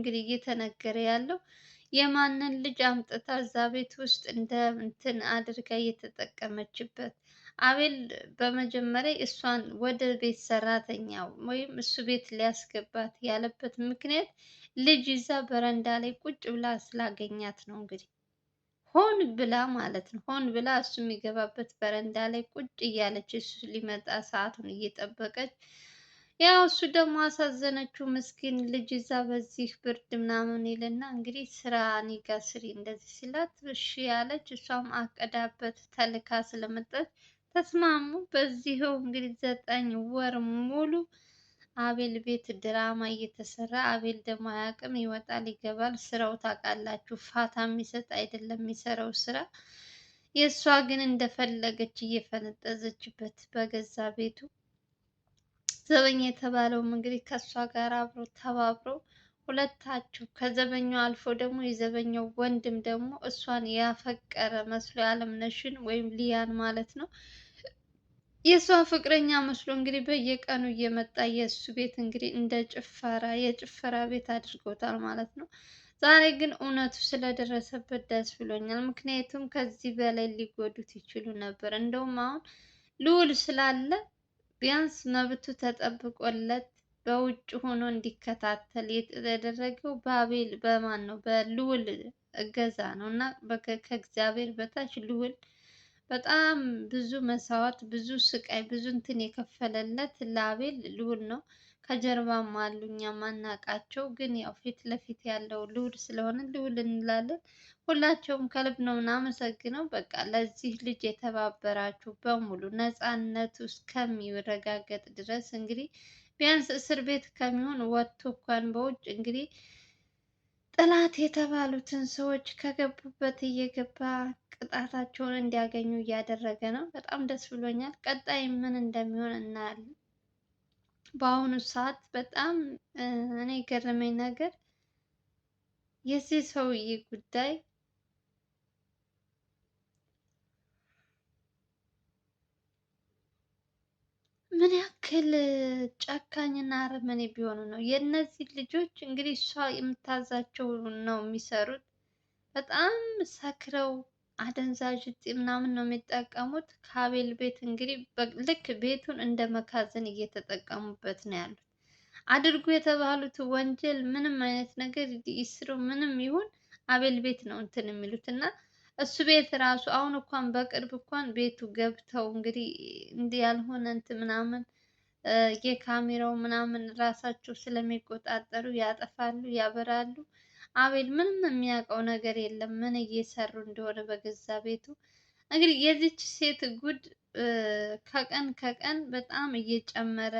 እንግዲህ እየተነገረ ያለው የማንን ልጅ አምጥታ እዛ ቤት ውስጥ እንደ እንትን አድርጋ እየተጠቀመችበት። አቤል በመጀመሪያ እሷን ወደ ቤት ሰራተኛ ወይም እሱ ቤት ሊያስገባት ያለበት ምክንያት ልጅ ይዛ በረንዳ ላይ ቁጭ ብላ ስላገኛት ነው። እንግዲህ ሆን ብላ ማለት ነው። ሆን ብላ እሱ የሚገባበት በረንዳ ላይ ቁጭ እያለች እሱ ሊመጣ ሰዓቱን እየጠበቀች ያው እሱ ደግሞ አሳዘነችው ምስኪን ልጅ ይዛ በዚህ ብርድ ምናምን ይልና እንግዲህ ስራ እኔ ስሪ እንደዚህ ሲላት እሺ ያለች እሷም አቀዳበት ተልካ ስለመጣች ተስማሙ። በዚህው እንግዲህ ዘጠኝ ወር ሙሉ አቤል ቤት ድራማ እየተሰራ አቤል ደግሞ አያውቅም፣ ይወጣል ይገባል። ስራው ታውቃላችሁ፣ ፋታ የሚሰጥ አይደለም የሚሰራው ስራ። የእሷ ግን እንደፈለገች እየፈነጠዘችበት በገዛ ቤቱ ዘበኛ የተባለውም እንግዲህ ከእሷ ጋር አብሮ ተባብሮ ሁለታቸው ከዘበኛው አልፎ ደግሞ የዘበኛው ወንድም ደግሞ እሷን ያፈቀረ መስሎ የአለምነሽን ወይም ሊያን ማለት ነው የእሷ ፍቅረኛ መስሎ እንግዲህ በየቀኑ እየመጣ የእሱ ቤት እንግዲህ እንደ ጭፈራ የጭፈራ ቤት አድርጎታል ማለት ነው። ዛሬ ግን እውነቱ ስለደረሰበት ደስ ብሎኛል። ምክንያቱም ከዚህ በላይ ሊጎዱት ይችሉ ነበር። እንደውም አሁን ልዑል ስላለ ቢያንስ መብቱ ተጠብቆለት በውጭ ሆኖ እንዲከታተል የተደረገው በአቤል በማን ነው? በልዑል እገዛ ነው እና ከእግዚአብሔር በታች ልዑል በጣም ብዙ መስዋዕት፣ ብዙ ስቃይ፣ ብዙ እንትን የከፈለለት ለአቤል ልዑል ነው። ከጀርባም አሉ እኛ ማናቃቸው፣ ግን ያው ፊት ለፊት ያለው ልዑል ስለሆነ ልዑል እንላለን። ሁላቸውም ከልብ ነው ምናመሰግነው። በቃ ለዚህ ልጅ የተባበራችሁ በሙሉ ነፃነቱ እስከሚረጋገጥ ድረስ እንግዲህ ቢያንስ እስር ቤት ከሚሆን ወጥቶ እንኳን በውጭ እንግዲህ ጥላት የተባሉትን ሰዎች ከገቡበት እየገባ ቅጣታቸውን እንዲያገኙ እያደረገ ነው። በጣም ደስ ብሎኛል። ቀጣይ ምን እንደሚሆን እናያለን። በአሁኑ ሰዓት በጣም እኔ የገረመኝ ነገር የዚህ ሰውዬ ጉዳይ ምን ያክል ጨካኝና አረመኔ ቢሆኑ ነው? የእነዚህ ልጆች እንግዲህ እሷ የምታዛቸው ነው የሚሰሩት። በጣም ሰክረው አደንዛዥ እጽ ምናምን ነው የሚጠቀሙት። ከአቤል ቤት እንግዲህ ልክ ቤቱን እንደ መካዘን እየተጠቀሙበት ነው ያሉት። አድርጉ የተባሉት ወንጀል ምንም አይነት ነገር ይስሩ ምንም ይሁን አቤል ቤት ነው እንትን የሚሉት እና እሱ ቤት ራሱ አሁን እንኳን በቅርብ እንኳን ቤቱ ገብተው እንግዲህ እንዲህ ያልሆነ እንትን ምናምን የካሜራው ምናምን ራሳቸው ስለሚቆጣጠሩ ያጠፋሉ፣ ያበራሉ። አቤል ምንም የሚያውቀው ነገር የለም። ምን እየሰሩ እንደሆነ በገዛ ቤቱ እንግዲህ የዚች ሴት ጉድ ከቀን ከቀን በጣም እየጨመረ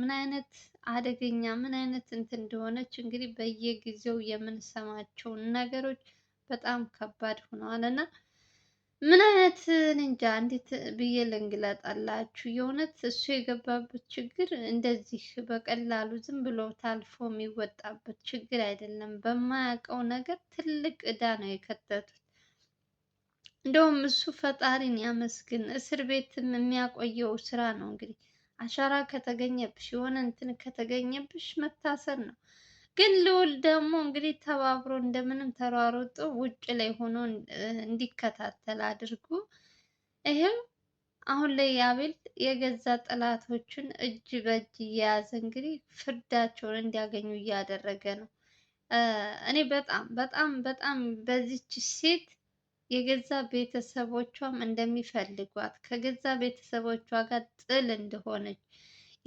ምን አይነት አደገኛ ምን አይነት እንትን እንደሆነች እንግዲህ በየጊዜው የምንሰማቸውን ነገሮች በጣም ከባድ ሆነዋል እና ምን አይነት እንጃ እንዴት ብዬ ልንግለጣላችሁ? የእውነት እሱ የገባበት ችግር እንደዚህ በቀላሉ ዝም ብሎ ታልፎ የሚወጣበት ችግር አይደለም። በማያውቀው ነገር ትልቅ እዳ ነው የከተቱት። እንደውም እሱ ፈጣሪን ያመስግን። እስር ቤትም የሚያቆየው ስራ ነው እንግዲህ አሻራ ከተገኘብሽ የሆነ እንትን ከተገኘብሽ መታሰር ነው። ግን ልዑል ደግሞ እንግዲህ ተባብሮ እንደምንም ተሯሩጦ ውጭ ላይ ሆኖ እንዲከታተል አድርጎ ይህም አሁን ላይ አቤል የገዛ ጠላቶቹን እጅ በእጅ እየያዘ እንግዲህ ፍርዳቸውን እንዲያገኙ እያደረገ ነው። እኔ በጣም በጣም በጣም በዚች ሴት የገዛ ቤተሰቦቿም እንደሚፈልጓት ከገዛ ቤተሰቦቿ ጋር ጥል እንደሆነች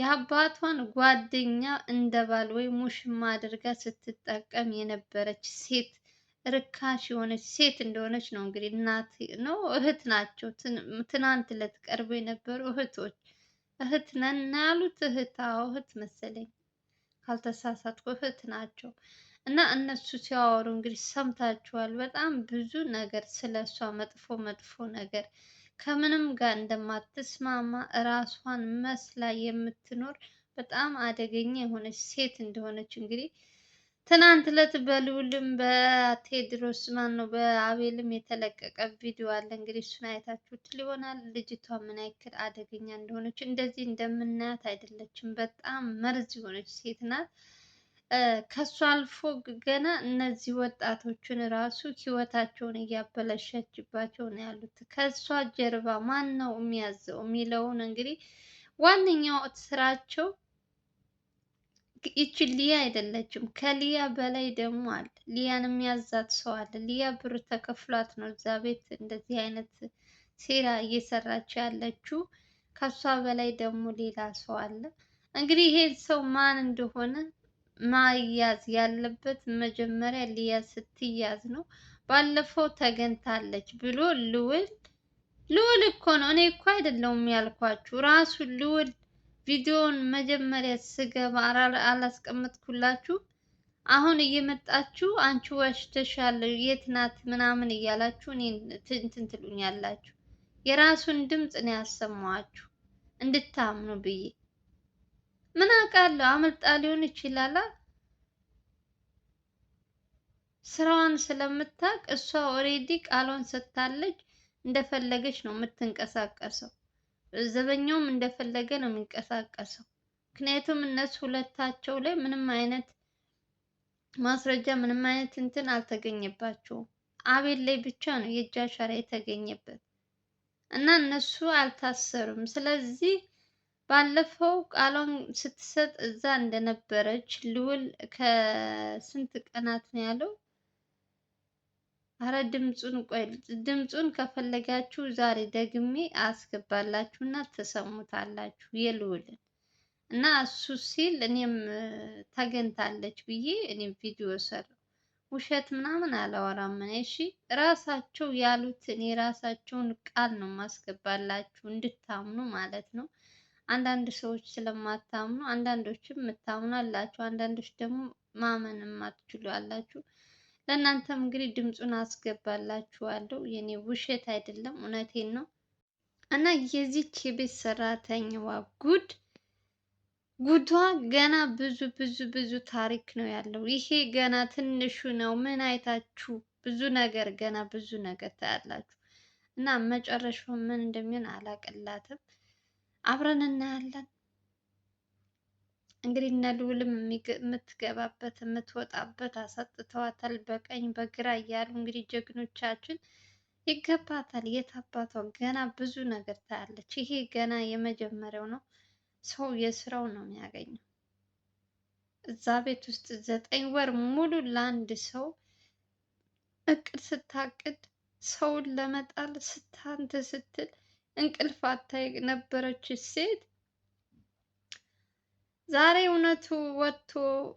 የአባቷን ጓደኛ እንደ ባል ወይም ሙሽማ አድርጋ ስትጠቀም የነበረች ሴት ርካሽ የሆነች ሴት እንደሆነች ነው። እንግዲህ እናት ነው እህት ናቸው። ትናንት ዕለት ቀርቦ የነበሩ እህቶች እህት ነን ና ያሉት እህት እህት መሰለኝ ካልተሳሳትኩ እህት ናቸው። እና እነሱ ሲያወሩ እንግዲህ ሰምታችኋል። በጣም ብዙ ነገር ስለ እሷ መጥፎ መጥፎ ነገር ከምንም ጋር እንደማትስማማ እራሷን መስላ የምትኖር በጣም አደገኛ የሆነች ሴት እንደሆነች እንግዲህ ትናንት ዕለት በልዑልም በቴድሮስ ማን ነው በአቤልም የተለቀቀ ቪዲዮ አለ። እንግዲህ እሱን አይታችሁት ሊሆናል። ልጅቷ ምን ያክል አደገኛ እንደሆነች እንደዚህ እንደምናያት አይደለችም። በጣም መርዝ የሆነች ሴት ናት። ከሱ አልፎ ገና እነዚህ ወጣቶችን ራሱ ህይወታቸውን እያበላሸችባቸው ነው ያሉት። ከሷ ጀርባ ማን ነው የሚያዘው የሚለውን እንግዲህ ዋነኛው ስራቸው ይቺ ሊያ አይደለችም። ከሊያ በላይ ደግሞ አለ። ሊያን የሚያዛት ሰው አለ። ሊያ ብር ተከፍሏት ነው እዛ ቤት እንደዚህ አይነት ሴራ እየሰራች ያለችው። ከሷ በላይ ደግሞ ሌላ ሰው አለ። እንግዲህ ይሄ ሰው ማን እንደሆነ ማያዝ ያለበት መጀመሪያ ሊያ ስትያዝ ነው። ባለፈው ተገኝታለች ብሎ ልውል ልውል እኮ ነው እኔ እኮ አይደለሁም ያልኳችሁ ራሱ ልውል ቪዲዮውን መጀመሪያ ስገባ አላስቀመጥኩላችሁ። አሁን እየመጣችሁ አንቺ ዋሽተሻል፣ የት ናት ምናምን እያላችሁ እኔ እንትን ትሉኛላችሁ። የራሱን ድምፅ ነው ያሰማኋችሁ እንድታምኑ ብዬ ምን አውቃለሁ፣ አመልጣ ሊሆን ይችላል። ስራዋን ስለምታውቅ እሷ ኦሬዲ ቃሏን ሰጥታለች። እንደፈለገች ነው የምትንቀሳቀሰው። ዘበኛውም እንደፈለገ ነው የሚንቀሳቀሰው። ምክንያቱም እነሱ ሁለታቸው ላይ ምንም አይነት ማስረጃ ምንም አይነት እንትን አልተገኘባቸውም። አቤል ላይ ብቻ ነው የእጅ አሻራ የተገኘበት እና እነሱ አልታሰሩም። ስለዚህ ባለፈው ቃሏን ስትሰጥ እዛ እንደነበረች ልዑል ከስንት ቀናት ነው ያለው? አረ ድምፁን ቆይ ድምፁን ከፈለጋችሁ ዛሬ ደግሜ አስገባላችሁ እና ትሰሙታላችሁ የልውልን እና እሱ ሲል እኔም ተገኝታለች ብዬ እኔም ቪዲዮ ሰራሁ። ውሸት ምናምን አላወራም። እሺ ራሳቸው ያሉትን የራሳቸውን ቃል ነው ማስገባላችሁ እንድታምኑ ማለት ነው። አንዳንድ ሰዎች ስለማታምኑ፣ አንዳንዶችም የምታምኑ አላችሁ፣ አንዳንዶች ደግሞ ማመን የማትችሉ አላችሁ። ለእናንተም እንግዲህ ድምፁን አስገባላችኋለሁ። የኔ ውሸት አይደለም እውነቴን ነው። እና የዚች የቤት ሰራተኛዋ ጉድ ጉዷ ገና ብዙ ብዙ ብዙ ታሪክ ነው ያለው። ይሄ ገና ትንሹ ነው። ምን አይታችሁ ብዙ ነገር ገና ብዙ ነገር ታያላችሁ። እና መጨረሻው ምን እንደሚሆን አላቅላትም። አብረን እናያለን። እንግዲህ እነ ልዑልም የምትገባበት የምትወጣበት አሳጥተዋታል፣ በቀኝ በግራ እያሉ እንግዲህ ጀግኖቻችን ይገባታል። የት አባቷ ገና ብዙ ነገር ታያለች። ይሄ ገና የመጀመሪያው ነው። ሰው የስራው ነው የሚያገኘው። እዛ ቤት ውስጥ ዘጠኝ ወር ሙሉ ለአንድ ሰው እቅድ ስታቅድ ሰውን ለመጣል ስታንት ስትል እንቅልፍ አታ የነበረች ሴት ዛሬ እውነቱ ወጥቶ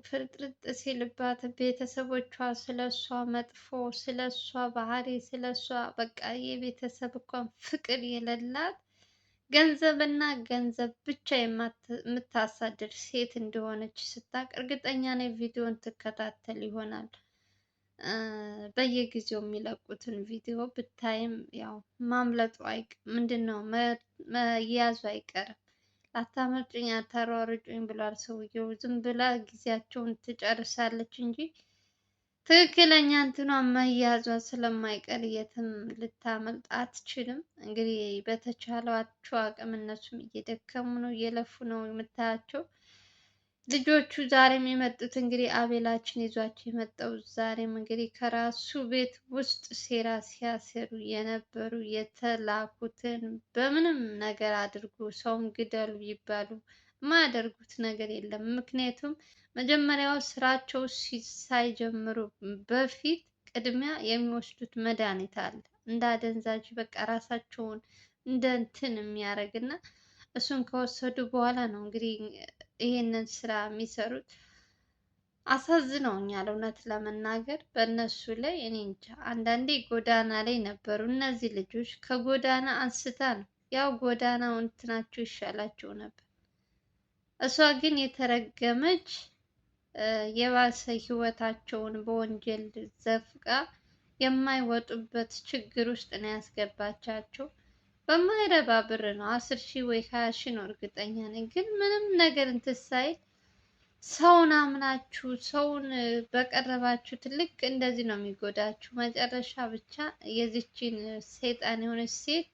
ፍርጥርጥ ሲልባት ቤተሰቦቿ ስለሷ መጥፎ፣ ስለሷ ባህሪ፣ ስለሷ በቃ የቤተሰብ እንኳን ፍቅር የሌላት ገንዘብና ገንዘብ ብቻ የምታሳድድ ሴት እንደሆነች ስታቅ እርግጠኛ ነኝ ቪዲዮን ትከታተል ይሆናል። በየጊዜው የሚለቁትን ቪዲዮ ብታይም ያው ማምለጡ አይቅ ምንድን ነው መያዙ አይቀርም። አታመልጭኝ አታሯሩጭኝ ብሏል ሰውየው። ዝም ብላ ጊዜያቸውን ትጨርሳለች እንጂ ትክክለኛ እንትኗ መያዟ ስለማይቀር የትም ልታመልጥ አትችልም። እንግዲህ በተቻላቸው አቅም እነሱም እየደከሙ ነው፣ እየለፉ ነው የምታያቸው። ልጆቹ ዛሬም የመጡት እንግዲህ አቤላችን ይዟቸው የመጣው ዛሬም እንግዲህ ከራሱ ቤት ውስጥ ሴራ ሲያሴሩ የነበሩ የተላኩትን በምንም ነገር አድርጉ ሰውም ግደሉ ይባሉ የማያደርጉት ነገር የለም። ምክንያቱም መጀመሪያው ስራቸው ሳይጀምሩ በፊት ቅድሚያ የሚወስዱት መድኃኒት አለ እንደ አደንዛዥ በቃ ራሳቸውን እንደ እንትን የሚያደርግና እሱን ከወሰዱ በኋላ ነው እንግዲህ ይሄንን ስራ የሚሰሩት አሳዝነውኛል። እውነት ለመናገር በእነሱ ላይ እኔ እንጃ። አንዳንዴ ጎዳና ላይ ነበሩ እነዚህ ልጆች። ከጎዳና አንስታ ነው ያው ጎዳናው እንትናቸው ይሻላቸው ነበር። እሷ ግን የተረገመች የባሰ ህይወታቸውን በወንጀል ዘፍቃ የማይወጡበት ችግር ውስጥ ነው ያስገባቻቸው። በማይረባ ብር ነው። አስር ሺህ ወይ ሀያ ሺህ ነው እርግጠኛ ነኝ። ግን ምንም ነገር እንትን ሳይል ሰውን አምናችሁ ሰውን በቀረባችሁ ትልቅ እንደዚህ ነው የሚጎዳችሁ። መጨረሻ ብቻ የዚችን ሰይጣን የሆነች ሴት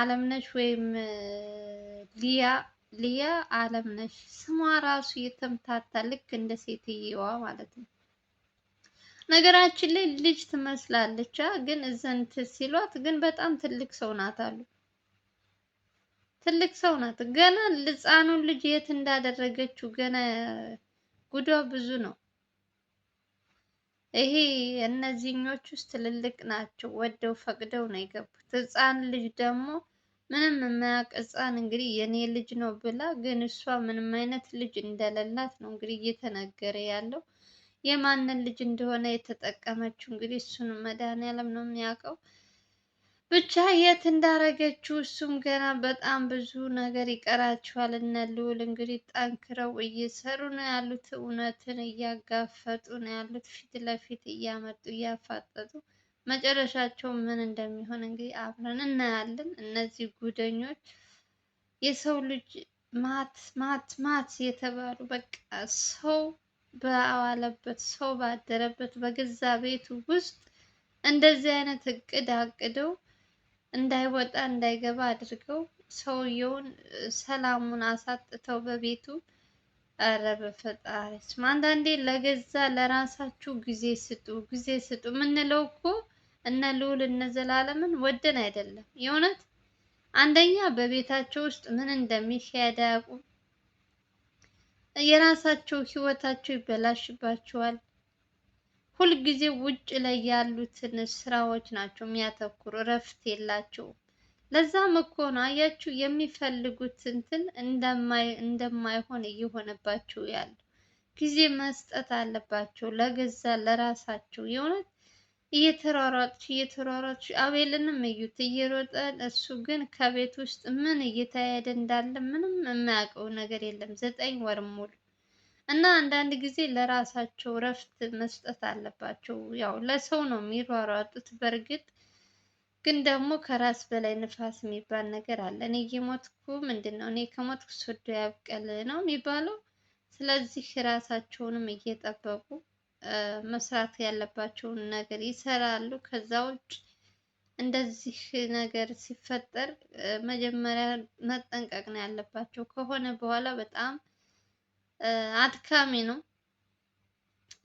አለምነሽ ወይም ሊያ ሊያ አለምነሽ ስሟ ራሱ የተምታታ ልክ እንደ ሴትየዋ ማለት ነው። ነገራችን ላይ ልጅ ትመስላለች፣ ግን እዘንት ሲሏት ግን በጣም ትልቅ ሰው ናት አሉ። ትልቅ ሰው ናት። ገና ልፃኑን ልጅ የት እንዳደረገችው ገና ጉዷ ብዙ ነው። ይሄ እነዚህኞች ውስጥ ትልልቅ ናቸው፣ ወደው ፈቅደው ነው የገቡት። ህፃን ልጅ ደግሞ ምንም የማያውቅ ህፃን እንግዲህ የኔ ልጅ ነው ብላ ግን እሷ ምንም አይነት ልጅ እንደሌላት ነው እንግዲህ እየተነገረ ያለው የማንን ልጅ እንደሆነ የተጠቀመችው እንግዲህ እሱንም መድኃኒዓለም ነው የሚያውቀው። ብቻ የት እንዳረገችው እሱም ገና በጣም ብዙ ነገር ይቀራችኋል። እነ ልዑል እንግዲህ ጠንክረው እየሰሩ ነው ያሉት፣ እውነትን እያጋፈጡ ነው ያሉት፣ ፊት ለፊት እያመጡ እያፋጠጡ። መጨረሻቸው ምን እንደሚሆን እንግዲህ አብረን እናያለን። እነዚህ ጉደኞች የሰው ልጅ ማት ማት ማት የተባሉ በቃ ሰው በዋለበት ሰው ባደረበት በገዛ ቤቱ ውስጥ እንደዚህ አይነት እቅድ አቅደው እንዳይወጣ እንዳይገባ አድርገው ሰውየውን ሰላሙን አሳጥተው በቤቱ። ኧረ በፈጣሪ ስም አንዳንዴ ለገዛ ለራሳችሁ ጊዜ ስጡ፣ ጊዜ ስጡ የምንለው እኮ እነ ልዑል እነ ዘላለምን ወደን አይደለም። የእውነት አንደኛ በቤታቸው ውስጥ ምን እንደሚካሄድ አያውቁም። የራሳቸው ህይወታቸው ይበላሽባቸዋል። ሁልጊዜ ውጭ ላይ ያሉትን ስራዎች ናቸው የሚያተኩሩ እረፍት የላቸውም። ለዛም እኮ ነው አያችሁ የሚፈልጉት እንትን እንደማይሆን እየሆነባቸው ያሉ። ጊዜ መስጠት አለባቸው ለገዛ ለራሳቸው የእውነት እየተሯሯጡ እየተሯሯጥሽ አቤልንም እዩት እየሮጠ እሱ ግን ከቤት ውስጥ ምን እየተሄደ እንዳለ ምንም የማያውቀው ነገር የለም። ዘጠኝ ወር ሙሉ እና አንዳንድ ጊዜ ለራሳቸው እረፍት መስጠት አለባቸው። ያው ለሰው ነው የሚሯሯጡት በእርግጥ ግን ደግሞ ከራስ በላይ ንፋስ የሚባል ነገር አለ። እኔ እየሞትኩ ምንድን ነው እኔ ከሞትኩ ሶዶ ያብቀል ነው የሚባለው። ስለዚህ ራሳቸውንም እየጠበቁ መስራት ያለባቸውን ነገር ይሰራሉ። ከዛ ውጭ እንደዚህ ነገር ሲፈጠር መጀመሪያ መጠንቀቅ ነው ያለባቸው። ከሆነ በኋላ በጣም አድካሚ ነው።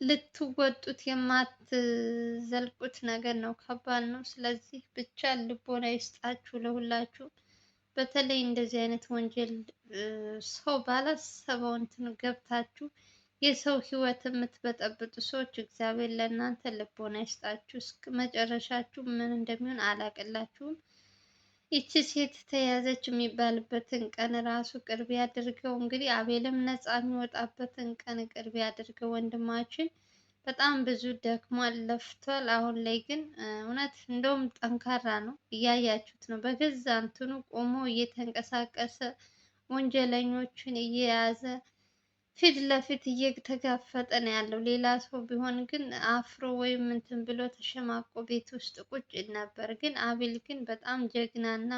ልትወጡት የማትዘልቁት ነገር ነው። ከባድ ነው። ስለዚህ ብቻ ልቦና ይስጣችሁ ለሁላችሁ። በተለይ እንደዚህ አይነት ወንጀል ሰው ባላሰበው እንትን ገብታችሁ የሰው ህይወት የምትበጠብጡ ሰዎች እግዚአብሔር ለእናንተ ልቦና ይስጣችሁ። እስከ መጨረሻችሁ ምን እንደሚሆን አላቅላችሁም። ይቺ ሴት ተያዘች የሚባልበትን ቀን ራሱ ቅርብ ያድርገው። እንግዲህ አቤልም ነፃ የሚወጣበትን ቀን ቅርብ ያድርገው። ወንድማችን በጣም ብዙ ደክሟል፣ ለፍቷል። አሁን ላይ ግን እውነት እንደውም ጠንካራ ነው፣ እያያችሁት ነው። በገዛ እንትኑ ቆሞ እየተንቀሳቀሰ ወንጀለኞችን እየያዘ ፊት ለፊት እየተጋፈጠ ነው ያለው። ሌላ ሰው ቢሆን ግን አፍሮ ወይም እንትን ብሎ ተሸማቆ ቤት ውስጥ ቁጭ ነበር። ግን አቤል ግን በጣም ጀግና እና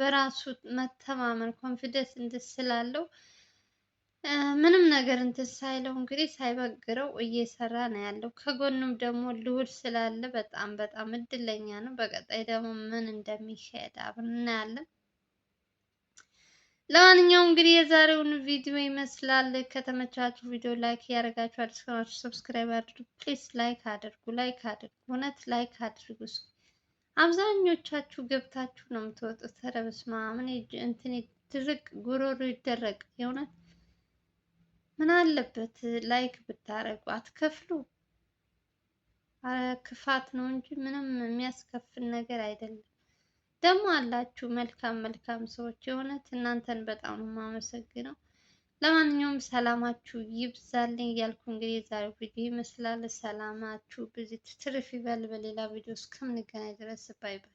በራሱ መተማመን ኮንፊደንስ እንትን ስላለው ምንም ነገር እንትን ሳይለው እንግዲህ ሳይበግረው እየሰራ ነው ያለው። ከጎኑም ደግሞ ልዑል ስላለ በጣም በጣም እድለኛ ነው። በቀጣይ ደግሞ ምን እንደሚካሄድ አብረን እናያለን። ለማንኛውም እንግዲህ የዛሬውን ቪዲዮ ይመስላል። ከተመቻችሁ ቪዲዮ ላይክ እያደረጋችሁ አዲስ ከሆናችሁ ሰብስክራይብ አድርጉ። ፕሊስ ላይክ አድርጉ፣ ላይክ አድርጉ፣ እውነት ላይክ አድርጉ። አብዛኞቻችሁ ገብታችሁ ነው የምትወጡት። ኧረ በስመ አብ እንትን ድርቅ ጉሮሮ ይደረቅ። የእውነት ምን አለበት ላይክ ብታረጉ፣ አትከፍሉ። ክፋት ነው እንጂ ምንም የሚያስከፍል ነገር አይደለም። ደግሞ አላችሁ መልካም መልካም ሰዎች የእውነት እናንተን በጣም ነው የማመሰግነው። ለማንኛውም ሰላማችሁ ይብዛልኝ እያልኩ እንግዲህ የዛሬው ቪዲዮ ይመስላል። ሰላማችሁ ብዙ ትርፍ ይበል። በሌላ ቪዲዮ እስከምንገናኝ ድረስ ባይ ባይ።